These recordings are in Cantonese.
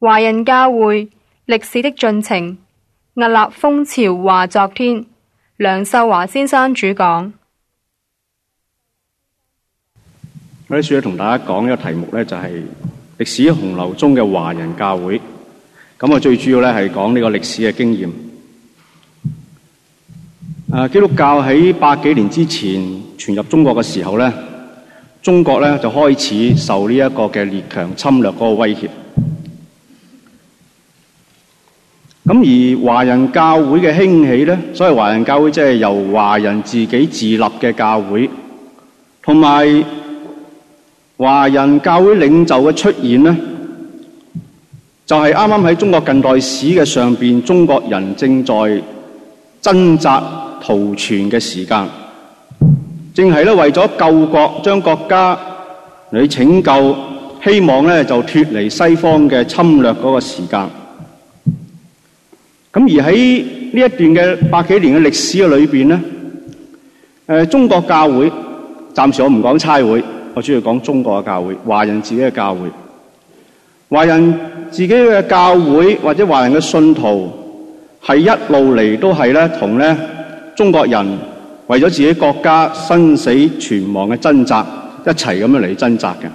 華人教會歷史的進程，屹立風潮話昨天。梁壽華先生主講。我想同大家講一個題目咧，就係歷史洪流中嘅華人教會。咁啊，最主要咧係講呢個歷史嘅經驗。啊，基督教喺百幾年之前傳入中國嘅時候咧，中國咧就開始受呢一個嘅列強侵略嗰個威脅。咁而華人教會嘅興起呢，所謂華人教會即係由華人自己自立嘅教會，同埋華人教會領袖嘅出現呢，就係啱啱喺中國近代史嘅上面。中國人正在掙扎圖存嘅時間，正係咧為咗救國，將國家嚟拯救，希望咧就脱離西方嘅侵略嗰個時間。咁而喺呢一段嘅百幾年嘅歷史嘅裏邊，咧，誒中國教會，暫時我唔講差會，我主要講中國嘅教會，華人自己嘅教會，華人自己嘅教會或者華人嘅信徒，係一路嚟都係咧同咧中國人為咗自己國家生死存亡嘅掙扎，一齊咁樣嚟掙扎嘅。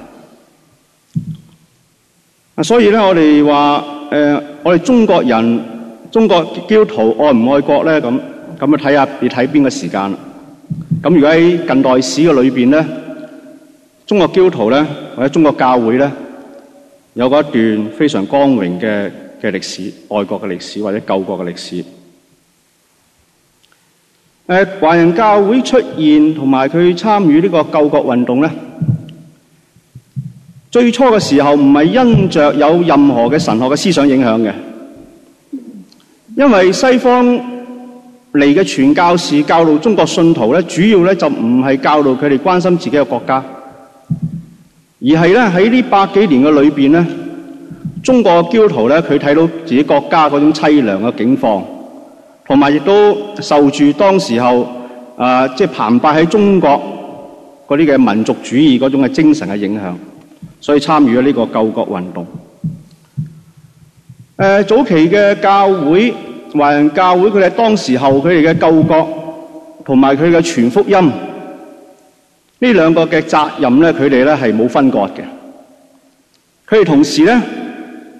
啊，所以咧我哋話，呃，我哋中國人。中國基督徒愛唔愛國咧？咁咁啊睇下，你睇邊個時間啦？咁如果喺近代史嘅裏面咧，中國基督徒咧或者中國教會咧，有過一段非常光榮嘅嘅歷史，愛國嘅歷史或者救國嘅歷史。誒、呃，華人教會出現同埋佢參與呢個救國運動咧，最初嘅時候唔係因着有任何嘅神學嘅思想影響嘅。因為西方嚟嘅傳教士教導中國信徒咧，主要咧就唔係教導佢哋關心自己嘅國家，而係咧喺呢百幾年嘅裏邊咧，中國嘅基督徒咧，佢睇到自己國家嗰種淒涼嘅境況，同埋亦都受住當時候啊即係澎湃喺中國嗰啲嘅民族主義嗰種嘅精神嘅影響，所以參與咗呢個救國運動，呃。誒早期嘅教會。華人教會佢哋當時候佢哋嘅救國同埋佢嘅傳福音呢兩個嘅責任咧，佢哋咧係冇分割嘅。佢哋同時咧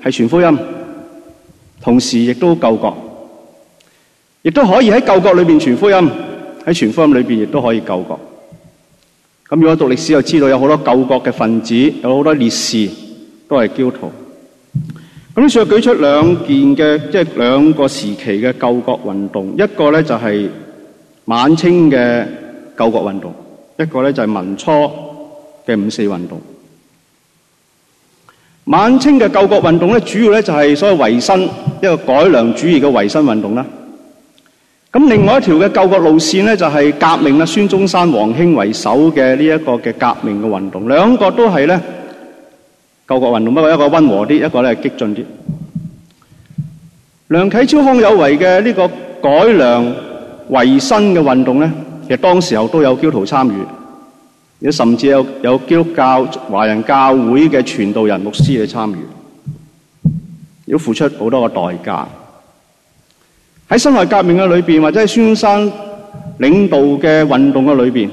係傳福音，同時亦都救國，亦都可以喺救國裏邊傳福音，喺傳福音裏邊亦都可以救國。咁如果讀歷史就知道有好多救國嘅分子，有好多烈士都係基督徒。咁所以舉出兩件嘅，即係兩個時期嘅救國運動，一個咧就係晚清嘅救國運動，一個咧就係民初嘅五四運動。晚清嘅救國運動咧，主要咧就係所謂維新，一個改良主義嘅維新運動啦。咁另外一條嘅救國路線咧，就係革命啦，孫中山、黃興為首嘅呢一個嘅革命嘅運動，兩個都係咧。救國運動不過一個温和啲，一個咧激進啲。梁啟超、康有為嘅呢個改良維新嘅運動咧，其實當時候都有基督徒參與，有甚至有有基督教華人教會嘅傳道人牧師去參與，要付出好多個代價。喺辛亥革命嘅裏邊，或者係孫中山領導嘅運動嘅裏邊，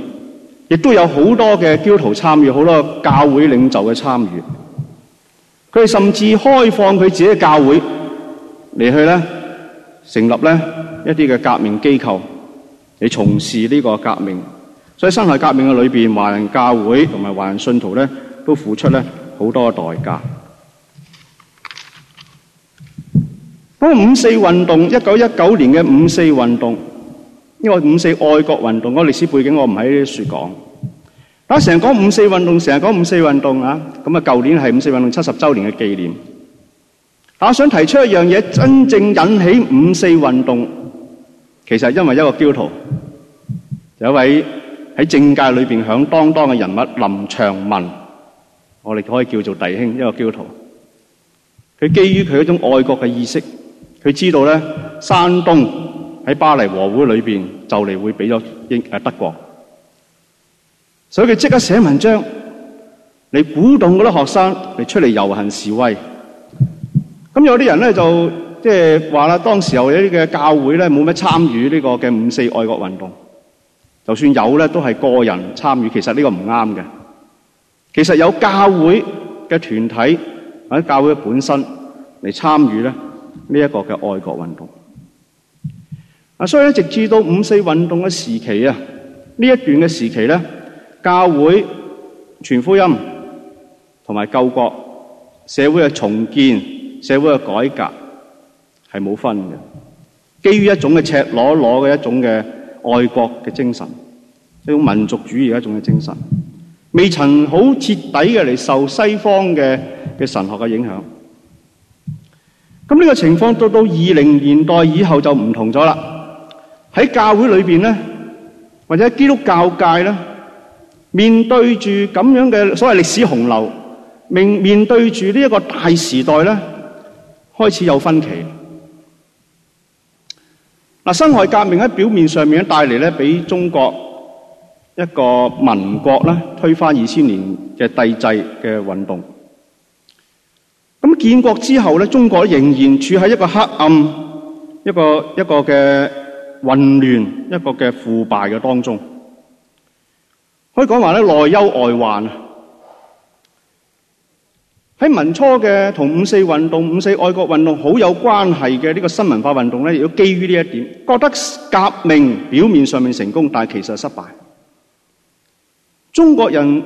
亦都有好多嘅基督徒參與，好多教會領袖嘅參與。佢哋甚至開放佢自己嘅教會嚟去咧，成立咧一啲嘅革命機構嚟從事呢個革命。所以辛亥革命嘅裏邊，華人教會同埋華人信徒咧都付出咧好多嘅代價。咁、那個、五四運動一九一九年嘅五四運動，因為五四愛國運動嗰個歷史背景我不在這，我唔喺呢度講。啊！成日講五四運動，成日講五四運動啊！咁啊，舊年係五四運動七十週年嘅紀念。啊，我想提出一樣嘢，真正引起五四運動，其實係因為一個教徒，有一位喺政界裏邊響當當嘅人物林長民，我哋可以叫做弟兄，一個教徒。佢基於佢一種愛國嘅意識，佢知道咧，山東喺巴黎和會裏邊就嚟會俾咗英誒德國。所以佢即刻寫文章嚟鼓動嗰啲學生嚟出嚟遊行示威。咁有啲人咧就即係話啦，當時候有啲嘅教會咧冇乜參與呢個嘅五四愛國運動。就算有咧，都係個人參與，其實呢個唔啱嘅。其實有教會嘅團體或者教會本身嚟參與咧呢一個嘅愛國運動。啊，所以直至到五四運動嘅時期啊，呢一段嘅時期咧。教會傳福音同埋救國、社會嘅重建，社會嘅改革係冇分嘅，基於一種嘅赤裸裸嘅一種嘅愛國嘅精神，一種民族主義嘅一種嘅精神，未曾好徹底嘅嚟受西方嘅嘅神學嘅影響。咁呢個情況到到二零年代以後就唔同咗啦。喺教會裏邊咧，或者基督教界咧，面對住咁樣嘅所謂歷史洪流，面面對住呢一個大時代咧，開始有分歧。嗱，辛亥革命喺表面上面咧，帶嚟咧，俾中國一個民國咧，推翻二千年嘅帝制嘅運動。咁建國之後咧，中國仍然處喺一個黑暗、一個一個嘅混亂、一個嘅腐敗嘅當中。可以講話咧，內憂外患，喺民初嘅同五四運動、五四愛國運動好有關係嘅呢個新文化運動咧，亦都基於呢一點，覺得革命表面上面成功，但係其實係失敗。中國人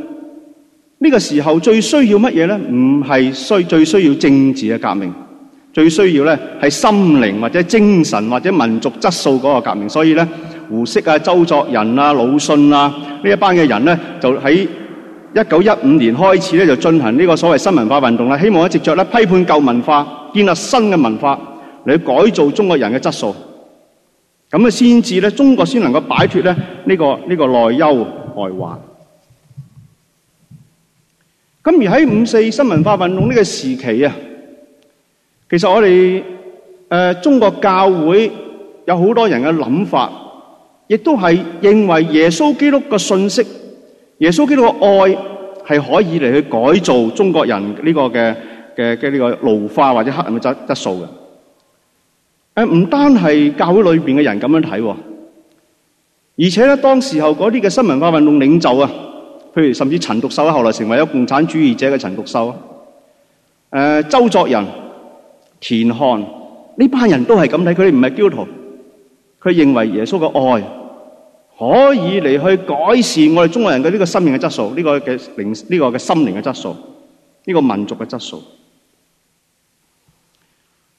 呢個時候最需要乜嘢咧？唔係需最需要政治嘅革命，最需要咧係心靈或者精神或者民族質素嗰個革命。所以咧。胡適啊、周作人啊、魯迅啊呢一班嘅人咧，就喺一九一五年開始咧，就進行呢個所謂新文化運動啦。希望一直着咧批判舊文化，建立新嘅文化嚟改造中國人嘅質素，咁啊先至咧，中國先能夠擺脫咧、呢、呢個呢、呢個內憂外患。咁而喺五四新文化運動呢個時期啊，其實我哋誒、呃、中國教會有好多人嘅諗法。亦都係認為耶穌基督嘅信息，耶穌基督嘅愛係可以嚟去改造中國人呢個嘅嘅嘅呢個奴化或者黑人嘅質質素嘅。誒，唔單係教會裏邊嘅人咁樣睇，而且咧當時候嗰啲嘅新文化運動領袖啊，譬如甚至陳獨秀後來成為咗共產主義者嘅陳獨秀啊，誒、呃，周作人、田漢呢班人都係咁睇，佢哋唔係基督徒。佢認為耶穌嘅愛可以嚟去改善我哋中國人嘅呢個生命嘅質素，呢個嘅靈，呢個嘅心靈嘅質素，呢個民族嘅質素。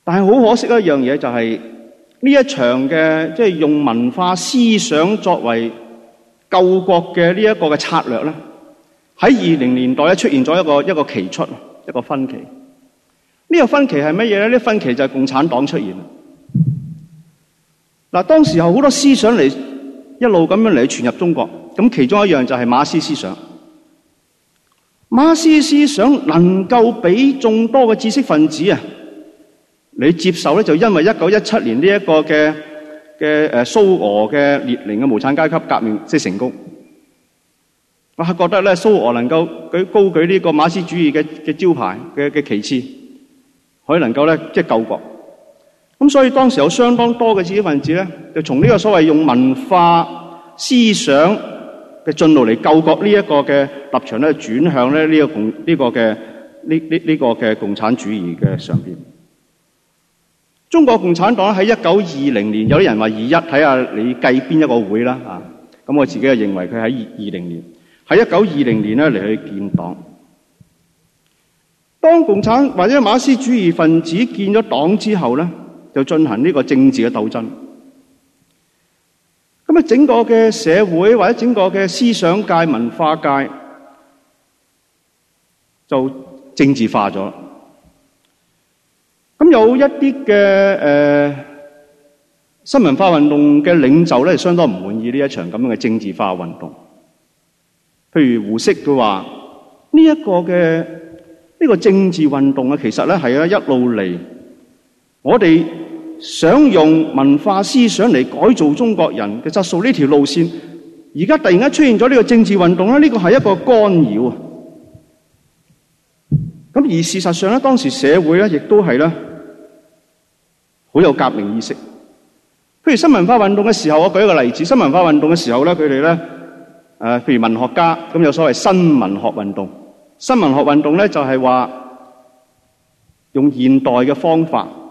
但係好可惜一樣嘢就係呢一場嘅，即係用文化思想作為救國嘅呢一個嘅策略咧，喺二零年代咧出現咗一個一個奇出一個分歧。呢個分歧係乜嘢咧？呢分歧就係共產黨出現。嗱，當時候好多思想嚟，一路咁樣嚟，傳入中國，咁其中一樣就係馬克思思想。馬克思思想能夠俾眾多嘅知識分子啊，你接受咧，就因為一九一七年呢一個嘅嘅誒蘇俄嘅列寧嘅無產階級革命即係成功。我係覺得咧，蘇俄能夠舉高舉呢個馬克思主義嘅嘅招牌嘅嘅旗幟，可以能夠咧即係救國。咁所以當時有相當多嘅知識分子咧，就從呢個所謂用文化思想嘅進路嚟救國呢一個嘅立場咧，轉向咧呢個共呢個嘅呢呢呢個嘅共產主義嘅上邊。中國共產黨喺一九二零年，有啲人話二一，睇下你計邊一個會啦。咁我自己就認為佢喺二二零年，喺一九二零年咧嚟去建黨。當共產或者馬克思主義分子建咗黨之後咧。就進行呢個政治嘅鬥爭，咁啊整個嘅社會或者整個嘅思想界、文化界就政治化咗。咁有一啲嘅誒新文化運動嘅領袖咧，係相當唔滿意呢一場咁樣嘅政治化運動。譬如胡適佢話：呢一個嘅呢個政治運動啊，其實咧係啊一路嚟。我哋想用文化思想嚟改造中國人嘅質素呢條路線，而家突然間出現咗呢個政治運動咧，呢個係一個干擾啊。咁而事實上咧，當時社會咧亦都係咧好有革命意識。譬如新文化運動嘅時候，我舉一個例子：新文化運動嘅時候咧，佢哋咧誒，譬如文學家咁有所謂新文學運動。新文學運動咧就係話用現代嘅方法。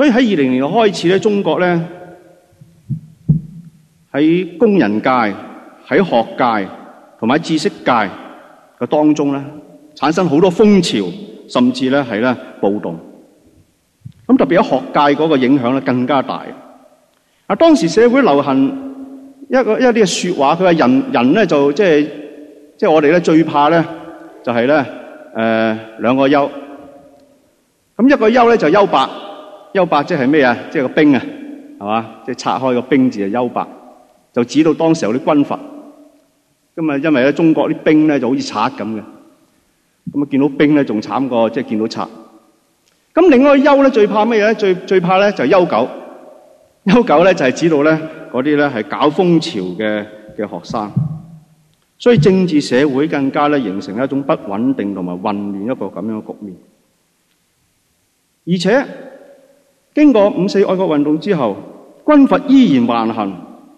所以喺二零年嘅開始咧，中國咧喺工人界、喺學界同埋知識界嘅當中咧，產生好多風潮，甚至咧係咧暴動。咁特別喺學界嗰個影響咧更加大。啊，當時社會流行一個一啲嘅説話，佢話人人咧就即係即係我哋咧最怕咧就係咧誒兩個優。咁一個優咧就優白。幽八即係咩啊？即係個兵啊，係嘛？即係拆開個兵字啊，幽八，就指到當時候啲軍閥。咁啊，因為咧中國啲兵咧就好似賊咁嘅，咁啊見到兵咧仲慘過即係見到賊。咁另外幽咧最怕咩咧？最最怕咧就丘九，丘九咧就係指到咧嗰啲咧係搞風潮嘅嘅學生。所以政治社會更加咧形成一種不穩定同埋混亂一個咁樣嘅局面，而且，經過五四愛國運動之後，軍閥依然橫行，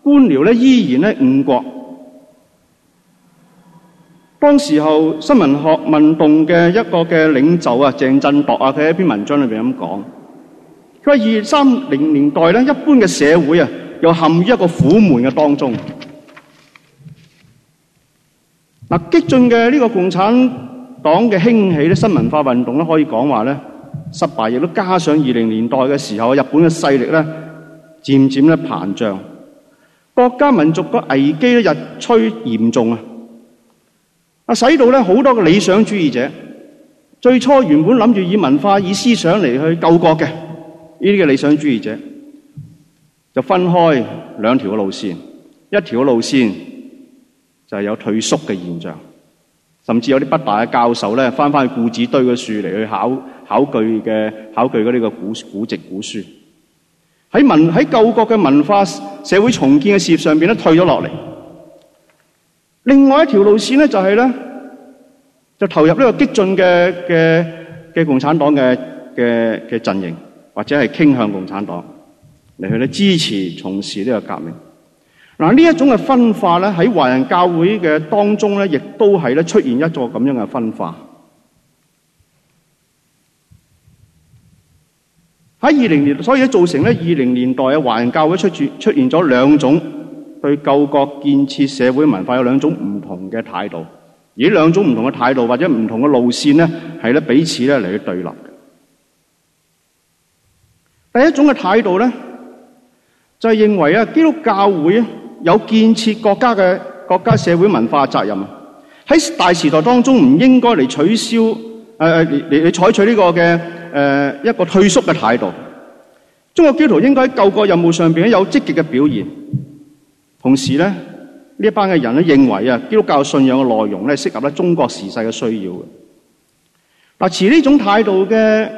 官僚咧依然咧誤國。當時候新文學運動嘅一個嘅領袖啊，鄭振鐸啊，佢喺一篇文章裏邊咁講，佢話二三零年代咧，一般嘅社會啊，又陷於一個苦悶嘅當中。嗱，激進嘅呢個共產黨嘅興起咧，新文化運動咧，可以講話咧。失敗，亦都加上二零年代嘅時候，日本嘅勢力咧漸漸咧膨脹，國家民族個危機咧日趨嚴重啊！啊，使到咧好多嘅理想主義者，最初原本諗住以文化、以思想嚟去救國嘅呢啲嘅理想主義者，就分開兩條嘅路線，一條嘅路線就係有退縮嘅現象。甚至有啲北大嘅教授咧，翻翻去故紙堆嘅書嚟去考考據嘅考據嗰啲個古古籍古書，喺文喺舊國嘅文化社會重建嘅事業上邊咧退咗落嚟。另外一條路線咧就係咧，就投入呢個激進嘅嘅嘅共產黨嘅嘅嘅陣營，或者係傾向共產黨嚟去咧支持從事呢個革命。嗱呢一種嘅分化咧，喺華人教會嘅當中咧，亦都係咧出現一座咁樣嘅分化。喺二零年，所以造成咧二零年代嘅華人教會出出現咗兩種對救國建設社會文化有兩種唔同嘅態度。而呢兩種唔同嘅態度或者唔同嘅路線呢係咧彼此咧嚟去對立嘅。第一種嘅態度咧，就係認為啊，基督教會啊，有建設國家嘅國家社會文化責任，喺大時代當中唔應該嚟取消誒誒，你、呃、你採取呢個嘅誒、呃、一個退縮嘅態度。中國基督徒應該喺救國任務上邊咧有積極嘅表現，同時咧呢一班嘅人咧認為啊，基督教信仰嘅內容咧適合咧中國時勢嘅需要嘅。嗱，持呢種態度嘅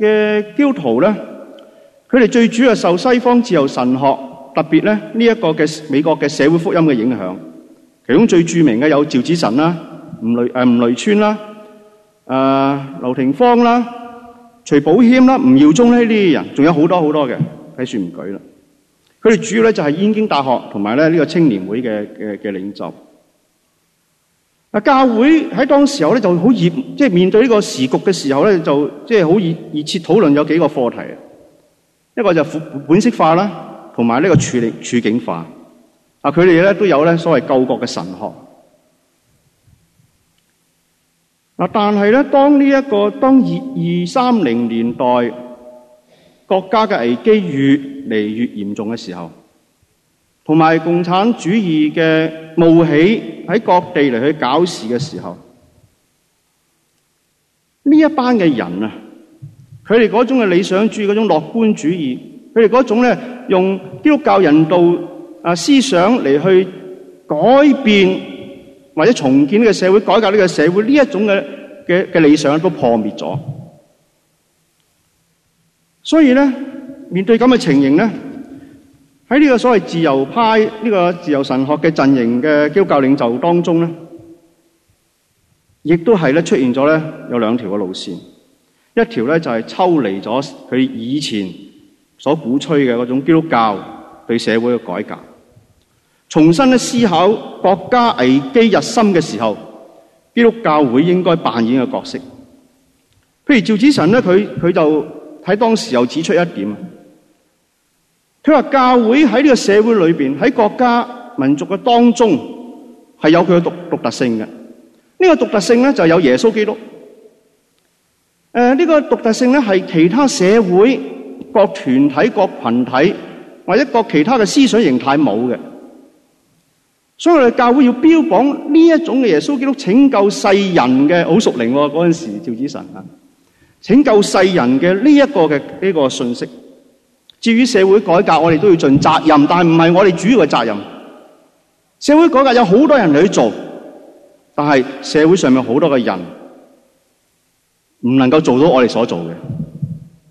嘅基督徒咧，佢哋最主要係受西方自由神學。特別咧呢一個嘅美國嘅社會福音嘅影響，其中最著名嘅有趙紫宸啦、吳雷誒吳、啊、雷川啦、誒劉廷芳啦、徐寶謙啦、吳耀宗咧呢啲人，仲有好多好多嘅，係算唔舉啦。佢哋主要咧就係燕京大學同埋咧呢個青年會嘅嘅嘅領袖。啊教會喺當時候咧就好熱，即、就、係、是、面對呢個時局嘅時候咧，就即係好熱熱切討論有幾個課題，一個就是本色化啦。同埋呢個處境處境化，啊，佢哋咧都有咧所謂救國嘅神學，但係咧、這個，當呢一個當二二三零年代國家嘅危機越嚟越嚴重嘅時候，同埋共產主義嘅冒起喺各地嚟去搞事嘅時候，呢一班嘅人啊，佢哋嗰種嘅理想主義、嗰種樂觀主義。佢哋嗰種咧，用基督教人道啊思想嚟去改變或者重建呢個社會，改革呢個社會呢一種嘅嘅嘅理想都破滅咗。所以咧，面對咁嘅情形咧，喺呢個所謂自由派呢個自由神學嘅陣營嘅基督教領袖當中咧，亦都係咧出現咗咧有兩條嘅路線，一條咧就係抽離咗佢以前。所鼓吹嘅嗰種基督教對社會嘅改革，重新咧思考國家危機日深嘅時候，基督教會應該扮演嘅角色。譬如趙子辰，咧，佢佢就喺當時又指出一點，佢話教會喺呢個社會裏面，喺國家民族嘅當中係有佢嘅獨獨特性嘅。呢個獨特性咧就有耶穌基督。誒，呢個獨特性咧係其他社會，各團體、各群體或者各其他嘅思想形態冇嘅，所以我哋教會要標榜呢一種嘅耶穌基督拯救世人嘅好屬靈喎。嗰陣時，趙子神啊，拯救世人嘅呢一個嘅呢、呢個信息。至於社會改革，我哋都要盡責任，但係唔係我哋主要嘅責任。社會改革有好多人嚟去做，但係社會上面好多嘅人唔能夠做到我哋所做嘅。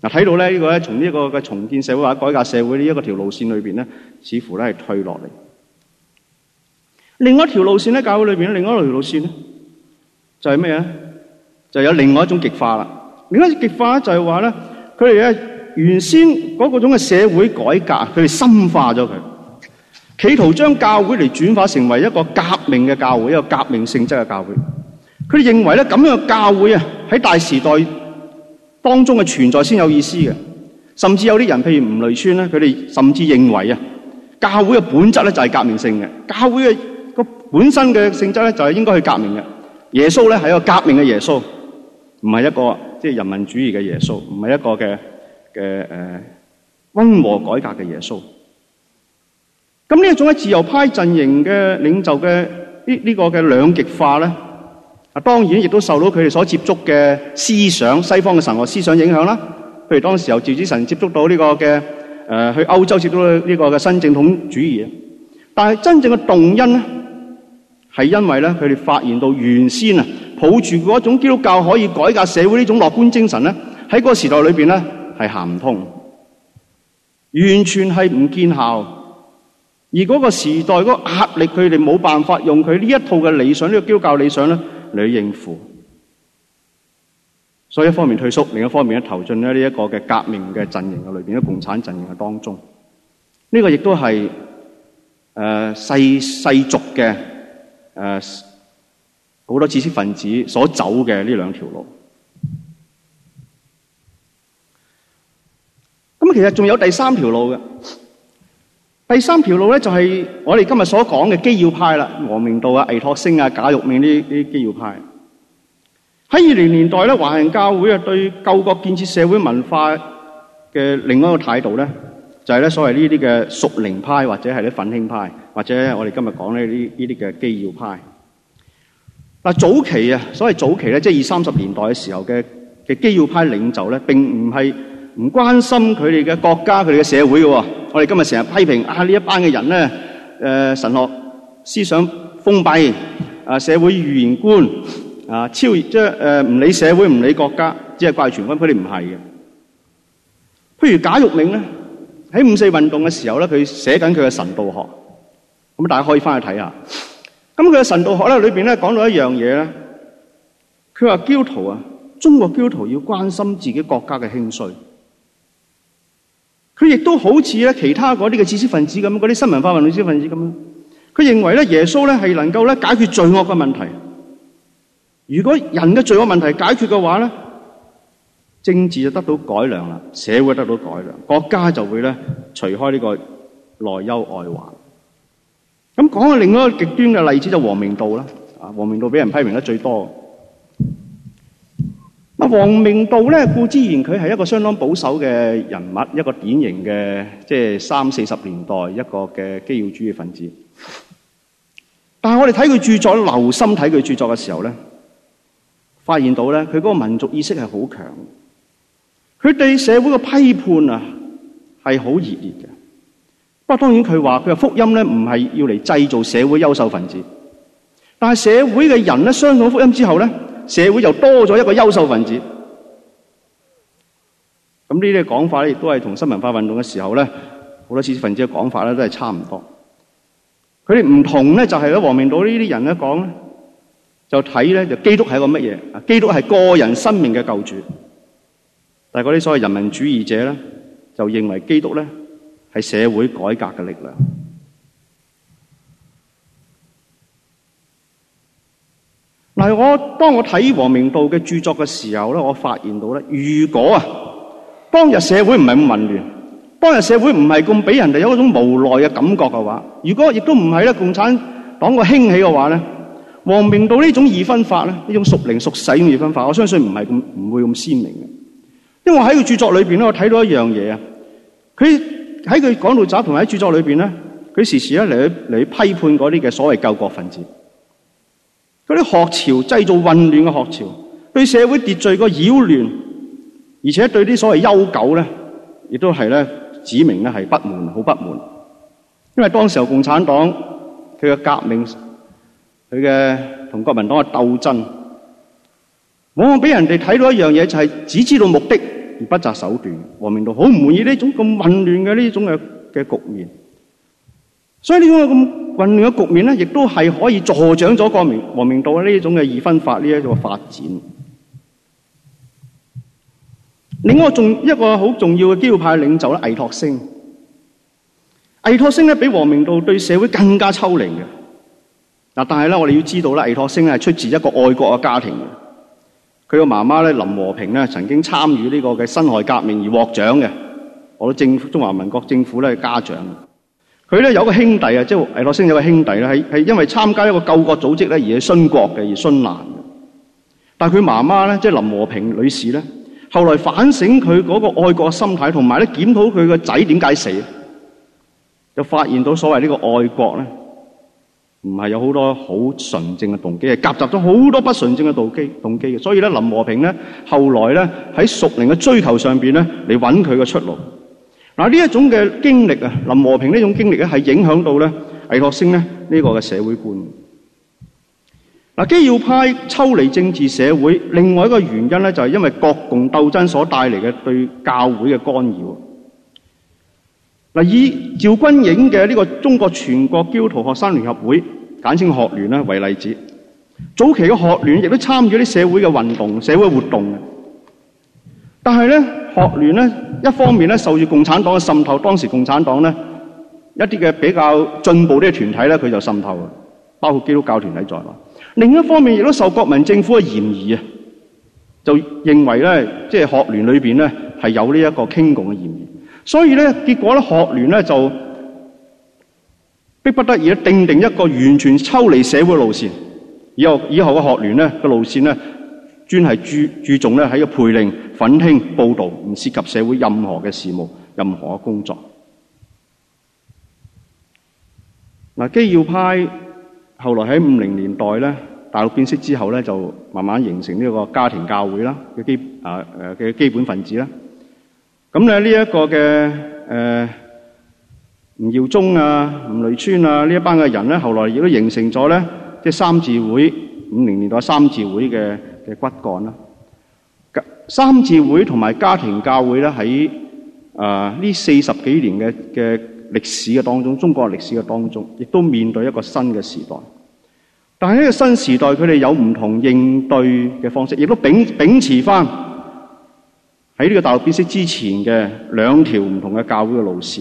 嗱，睇到咧呢個咧，從呢一個嘅重建社會或者改革社會呢一個條路線裏邊，咧，似乎咧係退落嚟。另外一條路線咧，教會裏邊另外一條路線咧，就係咩啊？就有另外一種極化啦。另外一種極化就係話咧，佢哋原先嗰個種嘅社會改革，佢哋深化咗佢，企圖將教會嚟轉化成為一個革命嘅教會，一個革命性質嘅教會。佢哋認為咧，咁樣嘅教會啊，喺大時代。當中嘅存在先有意思嘅，甚至有啲人譬如吳雷川咧，佢哋甚至認為啊，教會嘅本質咧就係革命性嘅，教會嘅個本身嘅性質咧就係應該去革命嘅。耶穌咧係一個革命嘅耶穌，唔係一個即係、就是、人民主義嘅耶穌，唔係一個嘅嘅誒溫和改革嘅耶穌。咁呢一種喺自由派陣營嘅領袖嘅、這個、呢呢個嘅兩極化咧，啊，當然亦都受到佢哋所接觸嘅思想、西方嘅神學思想影響啦。譬如當時候，趙紫宸接觸到呢、這個嘅誒、呃、去歐洲接觸到呢個嘅新正統主義，但係真正嘅動因咧係因為咧佢哋發現到原先啊抱住嗰一種基督教可以改革社會呢種樂觀精神咧，喺個時代裏面咧係行唔通，完全係唔見效。而嗰個時代嗰壓力，佢哋冇辦法用佢呢一套嘅理想，呢、這個基督教理想咧。你應付，所以一方面退縮，另一方面咧投進咧呢一個嘅革命嘅陣營嘅裏邊，呢、呢個、共產陣營嘅當中，呢、呢個亦都係誒世世俗嘅誒好多知識分子所走嘅呢兩條路。咁其實仲有第三條路嘅。第三條路咧，就係我哋今日所講嘅基要派啦，王明道啊、倪柝聲啊、賈玉銘。呢啲基要派。喺二零年代咧，華人教會啊，對救國建設社會文化嘅另外一個態度咧，就係咧所謂呢啲嘅屬靈派，或者係啲奮興派，或者我哋今日講呢呢啲嘅基要派。嗱早期啊，所謂早期咧，即係二三十年代嘅時候嘅嘅基要派領袖咧，並唔係唔關心佢哋嘅國家，佢哋嘅社會嘅、哦。我哋今日成日批評啊，一呢一班嘅人咧，神學思想封閉啊，社會預言觀啊，超越即係唔理社會，唔理國家，只係怪傳福音，佢哋唔係嘅。譬如賈玉銘咧，喺五四運動嘅時候咧，佢寫緊佢嘅神道學，咁大家可以翻去睇下。咁佢嘅神道學咧，裏面咧講到一樣嘢咧，佢話：教徒啊，中國教徒要關心自己國家嘅興衰。佢亦都好似咧其他嗰啲嘅知識分子咁，嗰啲新文化運動知識分子咁。佢認為咧，耶穌咧係能夠咧解決罪惡嘅問題。如果人嘅罪惡問題解決嘅話咧，政治就得到改良啦，社會得到改良，國家就會咧除開呢個內憂外患。咁講下另外一個極端嘅例子就王明道啦。啊，王明道俾人批評得最多。啊！王明道咧，顧之然佢係一個相當保守嘅人物，一個典型嘅即係三四十年代一個嘅基要主義分子。但係我哋睇佢著作，留心睇佢著作嘅時候咧，發現到咧佢嗰個民族意識係好強，佢對社會嘅批判啊係好熱烈嘅。不過當然佢話佢嘅福音咧唔係要嚟製造社會優秀分子，但係社會嘅人咧相信福音之後咧。社會又多咗一個優秀分子，咁呢啲講法咧，亦都係同新文化運動嘅時候咧，好多知識分子嘅講法咧，都係差唔多。佢哋唔同咧，就係咧，王明道呢啲人咧講咧，就睇咧，就基督係一個乜嘢？基督係個人生命嘅救主，但係嗰啲所謂人民主義者咧，就認為基督咧係社會改革嘅力量。但係，我當我睇王明道嘅著作嘅時候咧，我發現到咧，如果啊，當日社會唔係咁混亂，當日社會唔係咁俾人哋有嗰種無奈嘅感覺嘅話，如果亦都唔係咧共產黨嘅興起嘅話咧，王明道呢種二分法咧，呢種屬靈屬世嘅二分法，我相信唔係咁唔會咁鮮明嘅。因為我喺佢著作裏邊咧，我睇到一樣嘢啊，佢喺佢講道集同埋喺著作裏邊咧，佢時時咧嚟嚟批判嗰啲嘅所謂救國分子。嗰啲學潮，製造混亂嘅學潮，對社會秩序個擾亂，而且對啲所謂悠久咧，亦都係咧，指明咧係不滿，好不滿。因為當時候共產黨佢嘅革命，佢嘅同國民黨嘅鬥爭，往往俾人哋睇到一樣嘢，就係、是、只知道目的而不擇手段。王明道好唔滿意呢種咁混亂嘅呢種嘅嘅局面。所以呢種咁混亂嘅局面咧，亦都係可以助長咗個明王明道呢種嘅二分法呢一個發展。另外仲一個好重要嘅激進派領袖咧，倪柝聲。倪柝聲咧比王明道對社會更加抽離嘅。嗱，但係咧我哋要知道咧，倪柝聲咧係出自一個愛國嘅家庭嘅。佢個媽媽咧林和平咧曾經參與呢個嘅辛亥革命而獲獎嘅，我政中華民國政府咧嘉獎佢咧有個兄弟啊，即係洛星有個兄弟咧，係係因為參加一個救國組織咧而係殉國嘅，而殉難。但係佢媽媽咧，即係林和平女士咧，後來反省佢嗰個愛國嘅心態，同埋咧檢討佢個仔點解死，就發現到所謂呢個愛國咧，唔係有好多好純正嘅動機，係夾雜咗好多不純正嘅動機動機嘅。所以咧，林和平咧後來咧喺屬靈嘅追求上邊咧嚟揾佢嘅出路。嗱，呢一種嘅經歷啊，林和平呢種經歷咧，係影響到咧魏學星咧呢個嘅社會觀。嗱，基要派抽離政治社會，另外一個原因咧，就係因為國共鬥爭所帶嚟嘅對教會嘅干擾。嗱，以趙君影嘅呢個中國全國基督徒學生聯合會，簡稱學聯呢為例子，早期嘅學聯亦都參與啲社會嘅運動、社會活動。但係咧，學聯咧一方面咧受住共產黨嘅滲透，當時共產黨咧一啲嘅比較進步啲嘅團體咧，佢就滲透啊，包括基督教團體在內。另一方面亦都受國民政府嘅嫌疑啊，就認為咧，即係學聯裏邊咧係有呢一個傾共嘅嫌疑，所以咧結果咧，學聯咧就迫不得已定定一個完全抽離社會路線，以後以後嘅學聯咧嘅路線咧，專係注注重咧喺個培靈、奮興、報道，唔涉及社會任何嘅事務、任何嘅工作。嗱，基要派後來喺五零年代咧，大陸變色之後咧，就慢慢形成呢一個家庭教會啦嘅基啊誒嘅基本分子啦。咁咧呢一個嘅誒吳耀宗啊、吳雷川啊呢一班嘅人咧，後來亦都形成咗咧，即三字會，五零年代三字會嘅嘅骨幹啦，三自會同埋家庭教會咧，喺啊呢四十幾年嘅嘅歷史嘅當中，中國歷史嘅當中，亦都面對一個新嘅時代。但係呢個新時代，佢哋有唔同應對嘅方式，亦都秉秉持翻喺呢個大陸變色之前嘅兩條唔同嘅教會嘅路綫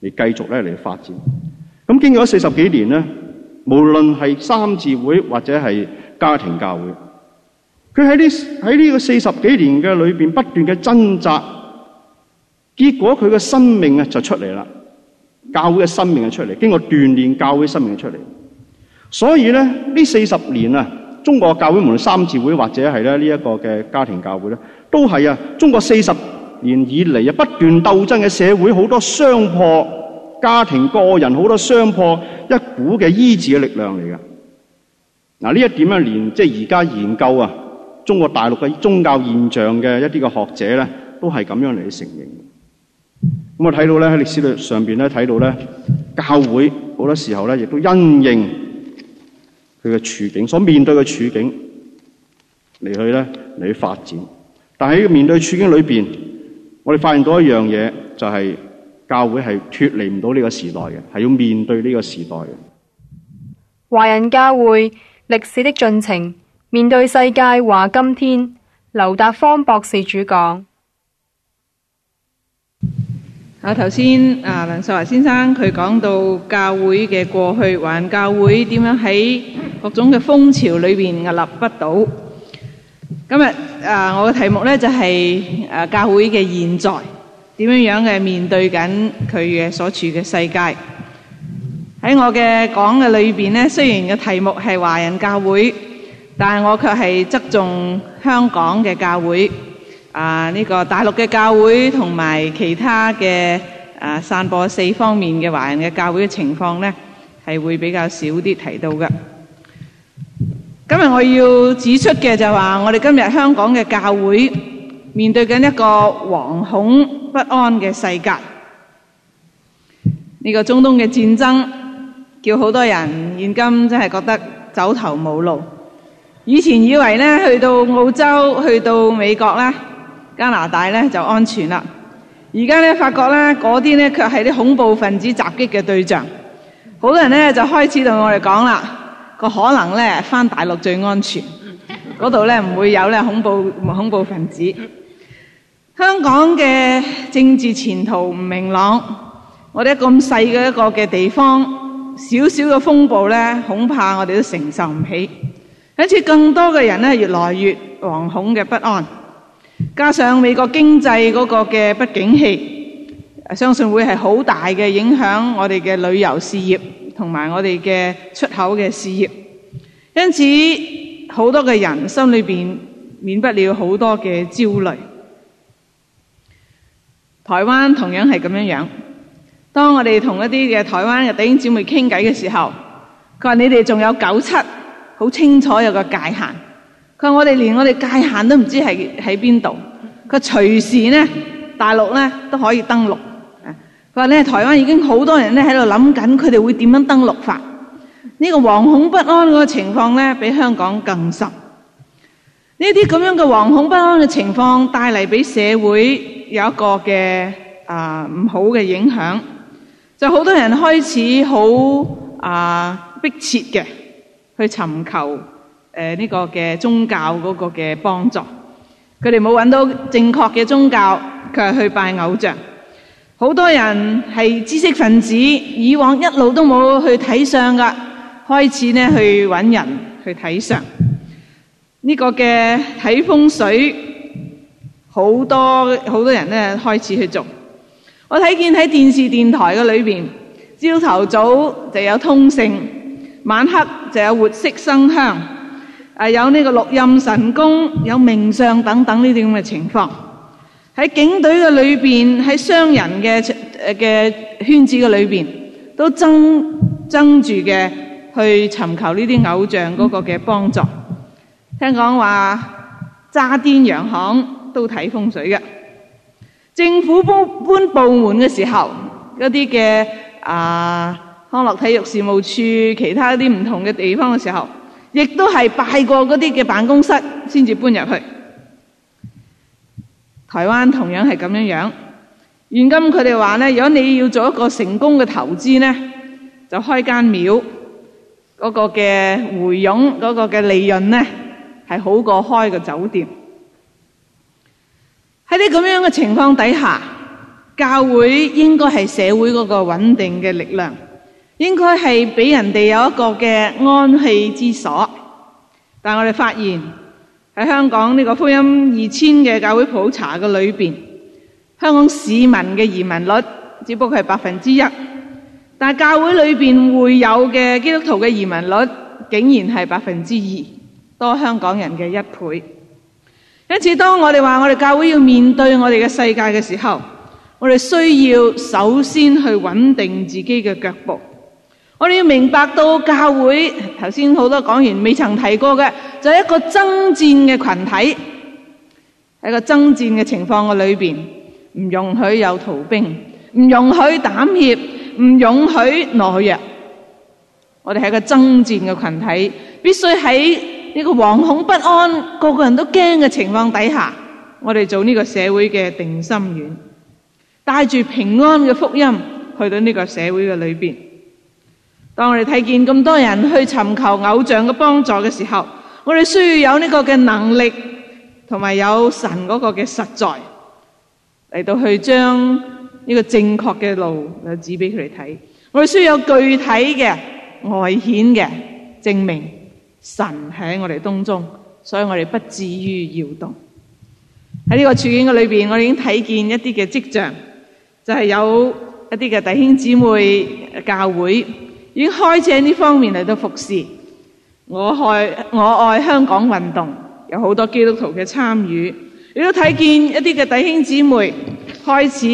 嚟繼續咧嚟發展。咁經過咗四十幾年咧，無論係三自會或者係家庭教會。佢喺呢喺呢個四十幾年嘅裏邊不斷嘅掙扎，結果佢嘅生命啊就出嚟啦，教會嘅生命就出嚟，經過鍛煉教會生命出嚟。所以咧呢四十年啊，中國教會無論三字會或者係咧呢一個嘅家庭教會咧，都係啊中國四十年以嚟啊不斷鬥爭嘅社會好多傷破家庭個人好多傷破一股嘅醫治嘅力量嚟㗎。嗱呢一點啊，連即係而家研究啊，中國大陸嘅宗教現象嘅一啲嘅學者咧，都係咁樣嚟承認。咁我睇到咧喺歷史上邊咧睇到咧，教會好多時候咧亦都因應佢嘅處境，所面對嘅處境嚟去咧嚟去發展。但喺面對處境裏邊，我哋發現到一樣嘢，就係教會係脫離唔到呢個時代嘅，係要面對呢個時代嘅。華人教會歷史的進程。面對世界話，今天劉達芳博士主講。啊，頭先啊梁壽華先生佢講到教會嘅過去，華人教會點樣喺各種嘅風潮裏邊屹立不倒。今日啊，我嘅題目呢就係誒教會嘅現在，點樣樣嘅面對緊佢嘅所處嘅世界。喺我嘅講嘅裏邊呢，雖然個題目係華人教會。但係我卻係側重香港嘅教會啊，呢個大陸嘅教會同埋其他嘅啊，散播四方面嘅華人嘅教會嘅情況呢，係會比較少啲提到嘅。今日我要指出嘅就係話，我哋今日香港嘅教會面對緊一個惶恐不安嘅世界。呢個中東嘅戰爭叫好多人，現今真係覺得走投無路。以前以為咧，去到澳洲、去到美國啦、加拿大咧就安全啦。而家咧發覺咧，嗰啲咧卻係啲恐怖分子襲擊嘅對象。好多人咧就開始同我哋講啦，個可能咧返大陸最安全，嗰度咧唔會有咧恐怖恐怖分子。香港嘅政治前途唔明朗，我哋咁細嘅一個嘅地方，小小嘅風暴咧，恐怕我哋都承受唔起。因此，更多嘅人呢，越來越惶恐嘅不安，加上美國經濟嗰個嘅不景氣，相信會係好大嘅影響我哋嘅旅遊事業同埋我哋嘅出口嘅事業。因此，好多嘅人心裏邊免不了好多嘅焦慮。台灣同樣係咁樣樣。當我哋同一啲嘅台灣嘅弟兄姊妹傾偈嘅時候，佢話：你哋仲有九七？好清楚有個界限，佢話我哋連我哋界限都唔知係喺邊度。佢隨時呢，大陸呢都可以登陸。佢話咧，台灣已經好多人咧喺度諗緊，佢哋會點樣登陸法？呢、呢個惶恐不安嘅情況咧，比香港更深。呢啲咁樣嘅惶恐不安嘅情況，帶嚟俾社會有一個嘅啊唔好嘅影響，就好多人開始好啊、呃、迫切嘅。去尋求誒呢、呃，這個嘅宗教嗰個嘅幫助，佢哋冇搵到正確嘅宗教，佢係去拜偶像。好多人係知識分子，以往一路都冇去睇相噶，開始呢去搵人去睇相。呢、這個嘅睇風水，好多好多人咧開始去做。我睇見喺電視電台嘅裏面，朝頭早就有通勝晚黑就有活色生香，啊有呢個六壬神功，有命相等等呢啲咁嘅情況。喺警隊嘅裏邊，喺商人嘅嘅、呃、圈子嘅裏邊，都爭爭住嘅去尋求呢啲偶像嗰個嘅幫助。聽講話渣甸洋行都睇風水嘅，政府搬搬部門嘅時候，一啲嘅啊～、呃康樂體育事務處其他啲唔同嘅地方嘅時候，亦都係拜過嗰啲嘅辦公室先至搬入去。台灣同樣係咁樣樣。現今佢哋話咧，如果你要做一個成功嘅投資咧，就開間廟，嗰個嘅回佣，嗰個嘅利潤咧係好過開個酒店。喺啲咁樣嘅情況底下，教會應該係社會嗰個穩定嘅力量。應該係俾人哋有一個嘅安息之所，但我哋發現喺香港呢個福音二千嘅教會普查嘅裏面，香港市民嘅移民率只不過係百分之一，但教會裏面會有嘅基督徒嘅移民率竟然係百分之二，多香港人嘅一倍。因此，當我哋話我哋教會要面對我哋嘅世界嘅時候，我哋需要首先去穩定自己嘅腳步。我哋要明白到教會，頭先好多講員未曾提過嘅，就係一個爭戰嘅群體，喺一個爭戰嘅情況嘅裏邊，唔容許有逃兵，唔容許膽怯，唔容許懦弱。我哋係一個爭戰嘅群體，必須喺呢個惶恐不安，個個人都驚嘅情況底下，我哋做呢個社會嘅定心丸，帶住平安嘅福音去到呢個社會嘅裏邊。當我哋睇見咁多人去尋求偶像嘅幫助嘅時候，我哋需要有呢個嘅能力，同埋有神嗰個嘅實在嚟到去將呢個正確嘅路指俾佢哋睇。我哋需要有具體嘅外顯嘅證明，神喺我哋當中，所以我哋不至於搖動。喺呢個處境嘅裏邊，我哋已經睇見一啲嘅跡象，就係有一啲嘅弟兄姊妹教會。已經開始喺呢方面嚟到服侍。我愛我愛香港運動，有好多基督徒嘅參與。你都睇見一啲嘅弟兄姊妹開始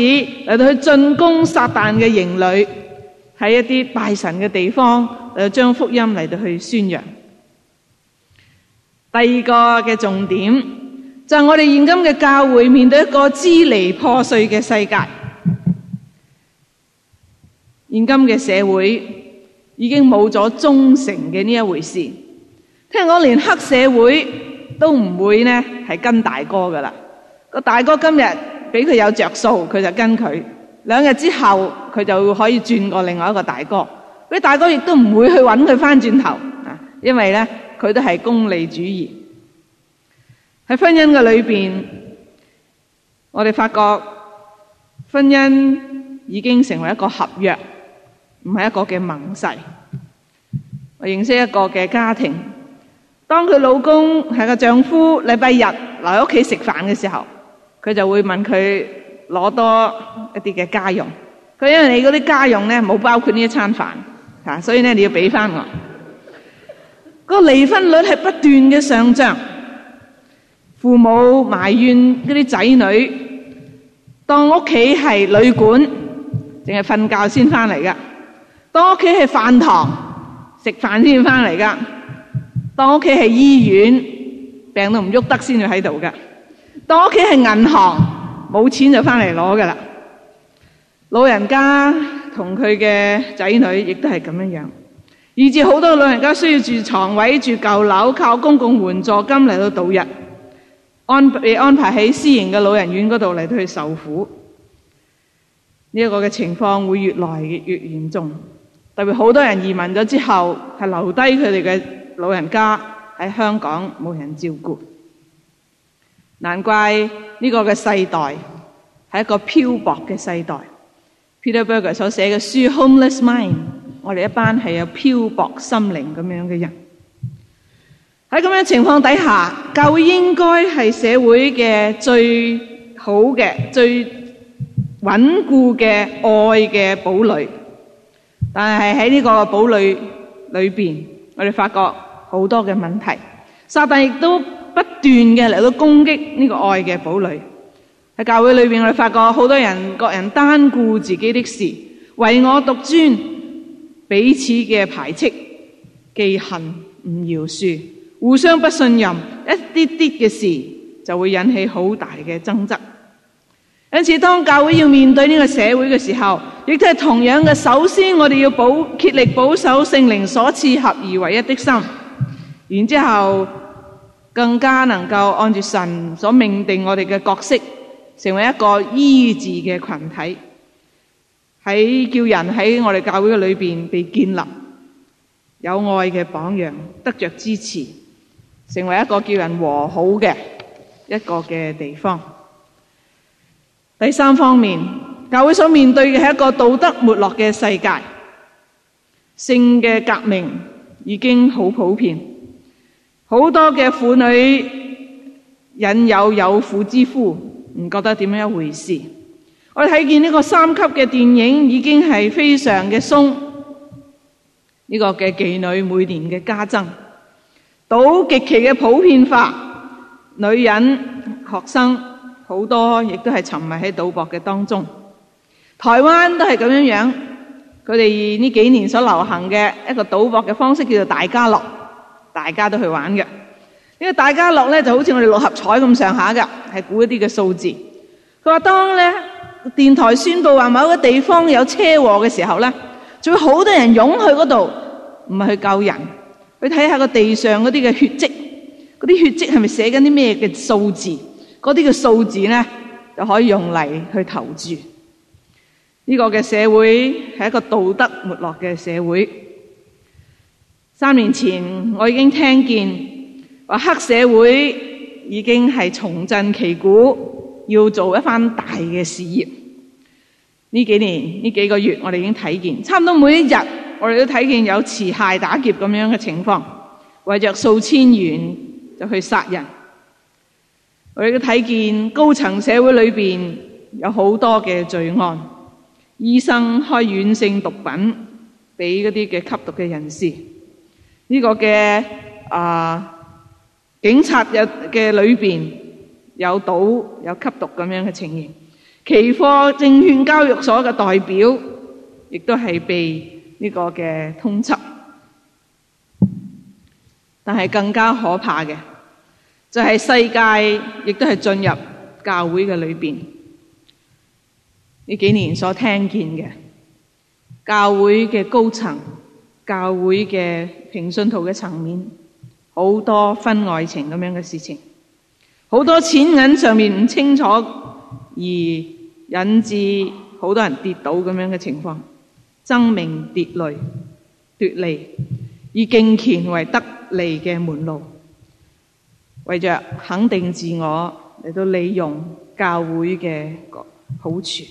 嚟到去進攻撒旦嘅營壘，喺一啲拜神嘅地方，誒，將福音嚟到去宣揚。第二個嘅重點就係、是、我哋現今嘅教會面對一個支離破碎嘅世界，現今嘅社會。已經冇咗忠誠嘅呢一回事，聽講連黑社會都唔會呢係跟大哥噶啦，個大哥今日俾佢有着數，佢就跟佢。兩日之後佢就可以轉過另外一個大哥，嗰啲大哥亦都唔會去揾佢翻轉頭啊，因為呢，佢都係功利主義。喺婚姻嘅裏面，我哋發覺婚姻已經成為一個合約。唔係一個嘅盟誓。我認識一個嘅家庭，當佢老公係個丈夫，禮拜日留喺屋企食飯嘅時候，佢就會問佢攞多一啲嘅家用。佢，因為你嗰啲家用咧冇包括呢一餐飯吓，所以咧你要俾翻我。 個離婚率係不斷嘅上漲，父母埋怨嗰啲仔女當屋企係旅館，淨係瞓覺先翻嚟噶。當屋企係飯堂，食飯先翻嚟噶；當屋企係醫院，病到唔喐得先至喺度噶；當屋企係銀行，冇錢就翻嚟攞噶啦。老人家同佢嘅仔女亦都係咁樣樣，以至好多老人家需要住床位、住舊樓，靠公共援助金嚟到度日，安被安排喺私營嘅老人院嗰度嚟到去受苦。呢、這、一個嘅情況會越來越越嚴重。特別好多人移民咗之後，係留低佢哋嘅老人家喺香港冇人照顧，難怪呢個嘅世代係一個漂泊嘅世代。Peter Berger 所寫嘅書《Homeless Mind》，我哋一班係有漂泊心靈咁樣嘅人。喺咁樣的情況底下，教會應該係社會嘅最好嘅、最穩固嘅愛嘅堡壘。但係喺呢個堡壘裏邊，我哋發覺好多嘅問題，撒但亦都不斷嘅嚟到攻擊呢個愛嘅堡壘。喺教會裏邊，我哋發覺好多人各人單顧自己的事，唯我獨尊，彼此嘅排斥、記恨、唔饒恕，互相不信任，一啲啲嘅事就會引起好大嘅爭執。因此，當教會要面對呢個社會嘅時候，亦都係同樣嘅。首先，我哋要保竭力保守聖靈所賜合而為一的心，然之後更加能夠按住神所命定我哋嘅角色，成為一個醫治嘅群體，喺叫人喺我哋教會嘅裏邊被建立有愛嘅榜樣，得着支持，成為一個叫人和好嘅一個嘅地方。第三方面，教會所面對嘅係一個道德沒落嘅世界，性嘅革命已經好普遍，好多嘅婦女引誘有婦有之夫，唔覺得點樣一回事。我睇見呢個三級嘅電影已經係非常嘅鬆，呢、這個嘅妓女每年嘅加增，到極其嘅普遍化，女人學生。好多亦都係沉迷喺賭博嘅當中，台灣都係咁樣樣。佢哋呢幾年所流行嘅一個賭博嘅方式叫做大家樂，大家都去玩嘅。呢、這個大家樂咧就好似我哋六合彩咁上下㗎，係估一啲嘅數字。佢話當咧電台宣佈話某一個地方有車禍嘅時候咧，就會好多人湧去嗰度，唔係去救人，去睇下個地上嗰啲嘅血跡，嗰啲血跡係咪寫緊啲咩嘅數字？嗰啲嘅數字咧就可以用嚟去投注呢。呢個嘅社會係一個道德沒落嘅社會。三年前，我已經聽見話黑社會已經係重振旗鼓，要做一番大嘅事業。呢幾年呢幾個月，我哋已經睇見，差唔多每一日，我哋都睇見有持械打劫咁樣嘅情況，為着數千元就去殺人。佢哋睇見高層社會裏邊有好多嘅罪案，醫生開軟性毒品俾嗰啲嘅吸毒嘅人士，呢、這個嘅啊、呃、警察入嘅裏邊有賭有吸毒咁樣嘅情形，期貨證券交易所嘅代表亦都係被呢個嘅通緝，但係更加可怕嘅就係世界亦都係進入教會嘅裏邊。呢幾年所聽見嘅教會嘅高層、教會嘅平信徒嘅層面，好多婚外情咁樣嘅事情，好多錢銀上面唔清楚而引致好多人跌倒咁樣嘅情況跌，爭名奪利、奪利以敬虔為得利嘅門路，為着肯定自我嚟到，利用教會嘅好處，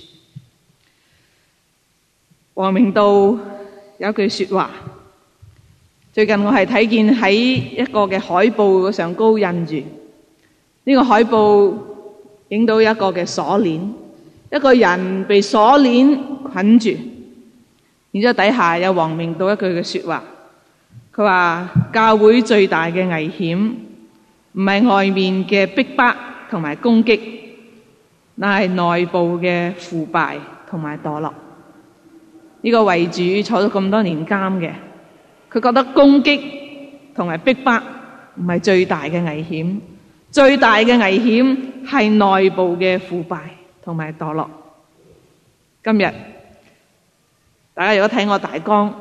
王明道有句說話。最近我係睇見喺一個嘅海報上高印住呢、這個海報影到一個嘅鎖鏈，一個人被鎖鏈捆住，然之後底下有王明道一句嘅說話，佢話，教會最大嘅危險。唔係外面嘅逼迫同埋攻擊，乃係內部嘅腐敗同埋墮落。呢、這個為主坐咗咁多年監嘅，佢覺得攻擊同埋逼迫唔係最大嘅危險，最大嘅危險係內部嘅腐敗同埋墮落。今日大家如果睇我大綱，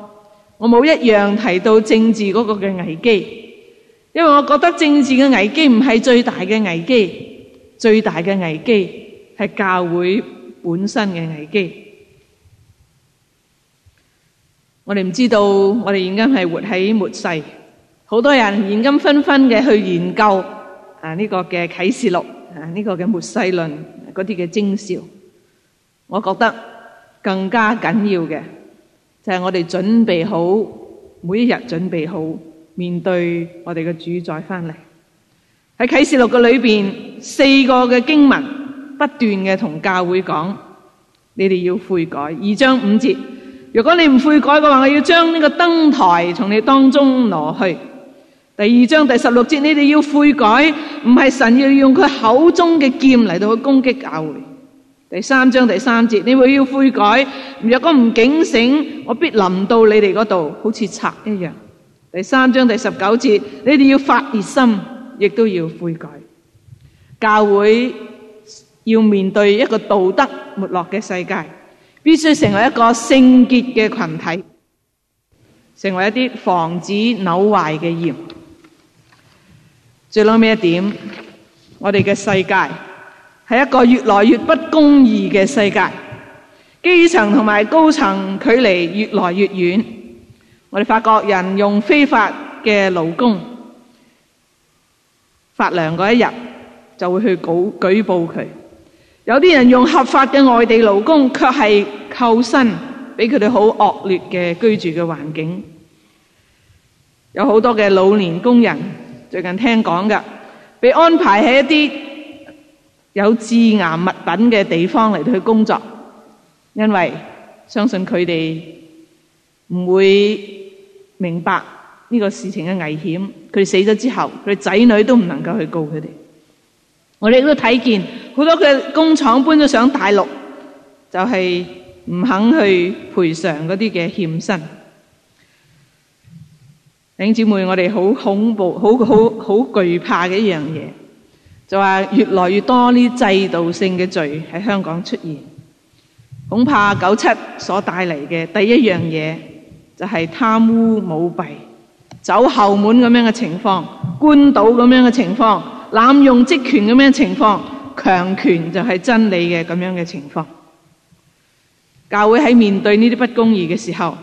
我冇一樣提到政治嗰個嘅危機。因為我覺得政治嘅危機唔係最大嘅危機，最大嘅危機係教會本身嘅危機。我哋唔知道，我哋現今係活喺末世，好多人現今紛紛嘅去研究啊呢個嘅啟示錄啊呢個嘅末世論嗰啲嘅徵兆。我覺得更加緊要嘅就係我哋準備好，每一日準備好。面對我哋嘅主宰翻嚟。喺啟示錄嘅裏邊四個嘅經文不斷嘅同教會講，你哋要悔改。二章五節，如果你唔悔改嘅話，我要將呢個燈台從你當中挪去。第二章第十六節，你哋要悔改，唔係神要用佢口中嘅劍嚟到去攻擊教會。第三章第三節，你會要悔改，若果唔警醒，我必臨到你哋嗰度，好似賊一樣。第三章第十九節，你哋要發熱心，亦都要悔改。教會要面對一個道德沒落嘅世界，必須成為一個聖潔嘅群體，成為一啲防止扭壞嘅鹽。最尾一點，我哋嘅世界係一個越來越不公義嘅世界，基層同埋高層距離越來越遠。我哋發覺人用非法嘅勞工發糧嗰一日，就會去舉舉報佢。有啲人用合法嘅外地勞工，卻係扣薪，俾佢哋好惡劣嘅居住嘅環境。有好多嘅老年工人最近聽講噶，被安排喺一啲有致癌物品嘅地方嚟到去工作，因為相信佢哋唔會。明白呢個事情嘅危險，佢死咗之後，佢仔女都唔能夠去告佢哋。我哋都睇見好多嘅工廠搬咗上大陸，就係、是、唔肯去賠償嗰啲嘅欠薪。弟兄姊妹，我哋好恐怖、好好好懼怕嘅一樣嘢，就話越來越多呢啲制度性嘅罪喺香港出現。恐怕九七所帶嚟嘅第一樣嘢。就係貪污舞弊、走後門咁樣嘅情況、官倒咁樣嘅情況、濫用職權咁樣嘅情況、強權就係真理嘅咁樣嘅情況。教會喺面對呢啲不公義嘅時候，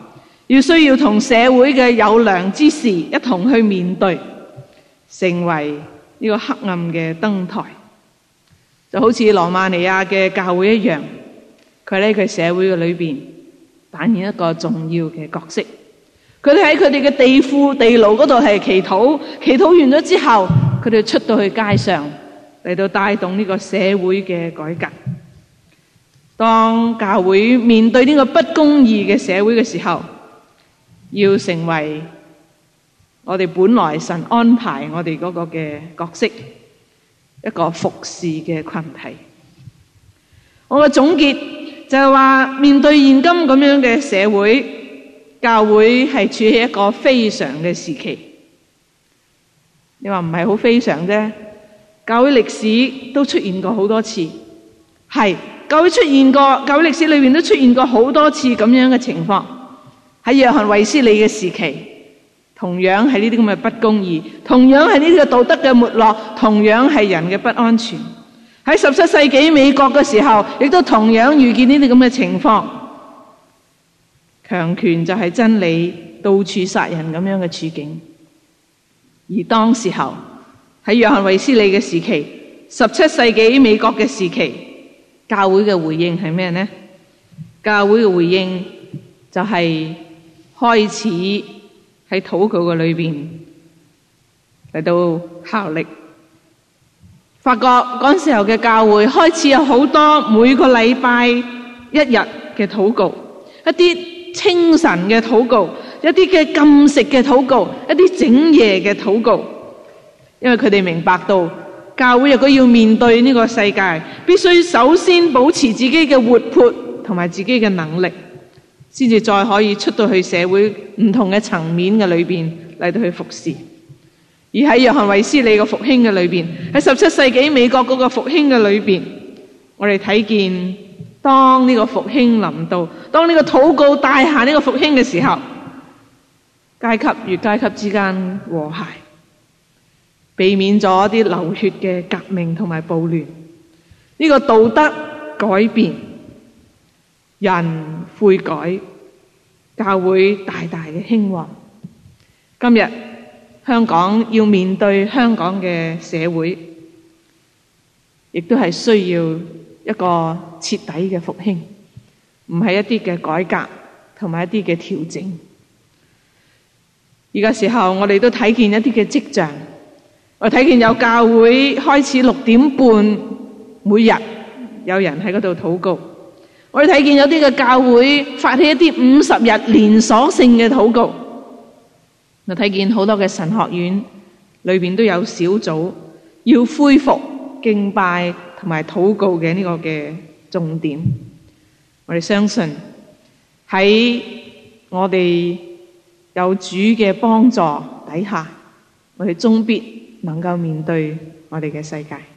要需要同社會嘅有良之士一同去面對，成為呢個黑暗嘅燈台，就好似羅馬尼亞嘅教會一樣，佢喺佢社會嘅裏邊，扮演一個重要嘅角色，佢哋喺佢哋嘅地庫、地牢嗰度係祈禱，祈禱完咗之後，佢哋出到去街上嚟到帶動呢個社會嘅改革。當教會面對呢個不公義嘅社會嘅時候，要成為我哋本來神安排我哋嗰個嘅角色，一個服侍嘅群體。我嘅總結。就係話，面對現今咁樣嘅社會，教會係處喺一個非常嘅時期。你話唔係好非常啫？教會歷史都出現過好多次，係教會出現過，教會歷史裏面都出現過好多次咁樣嘅情況。喺約翰衛斯理嘅時期，同樣係呢啲咁嘅不公義，同樣係呢啲嘅道德嘅沒落，同樣係人嘅不安全。喺十七世紀美國嘅時候，亦都同樣遇見呢啲咁嘅情況，強權就係真理，到處殺人咁樣嘅處境。而當時候喺約翰衛斯理嘅時期，十七世紀美國嘅時期，教會嘅回應係咩呢？教會嘅回應就係開始喺禱告嘅裏邊嚟到效力。發覺嗰時候嘅教會開始有好多每個禮拜一日嘅禱告，一啲清晨嘅禱告，一啲嘅禁食嘅禱告，一啲整夜嘅禱告。因為佢哋明白到教會如果要面對呢個世界，必須首先保持自己嘅活潑同埋自己嘅能力，先至再可以出到去社會唔同嘅層面嘅裏邊嚟到去服侍。而喺約翰衛斯理個復興嘅裏邊，喺十七世紀美國嗰個復興嘅裏邊，我哋睇見當呢個復興臨到，當呢個禱告帶下呢個復興嘅時候，階級與階級之間和諧，避免咗啲流血嘅革命同埋暴亂，呢、這個道德改變，人悔改，教會大大嘅興旺。今日。香港要面對香港嘅社會，亦都係需要一個徹底嘅復興，唔係一啲嘅改革同埋一啲嘅調整。而家時候，我哋都睇見一啲嘅跡象，我睇見有教會開始六點半每日有人喺嗰度禱告，我哋睇見有啲嘅教會發起一啲五十日連鎖性嘅禱告。我睇見好多嘅神學院裏邊都有小組要恢復敬拜同埋禱告嘅呢個嘅重點，我哋相信喺我哋有主嘅幫助底下，我哋終必能夠面對我哋嘅世界。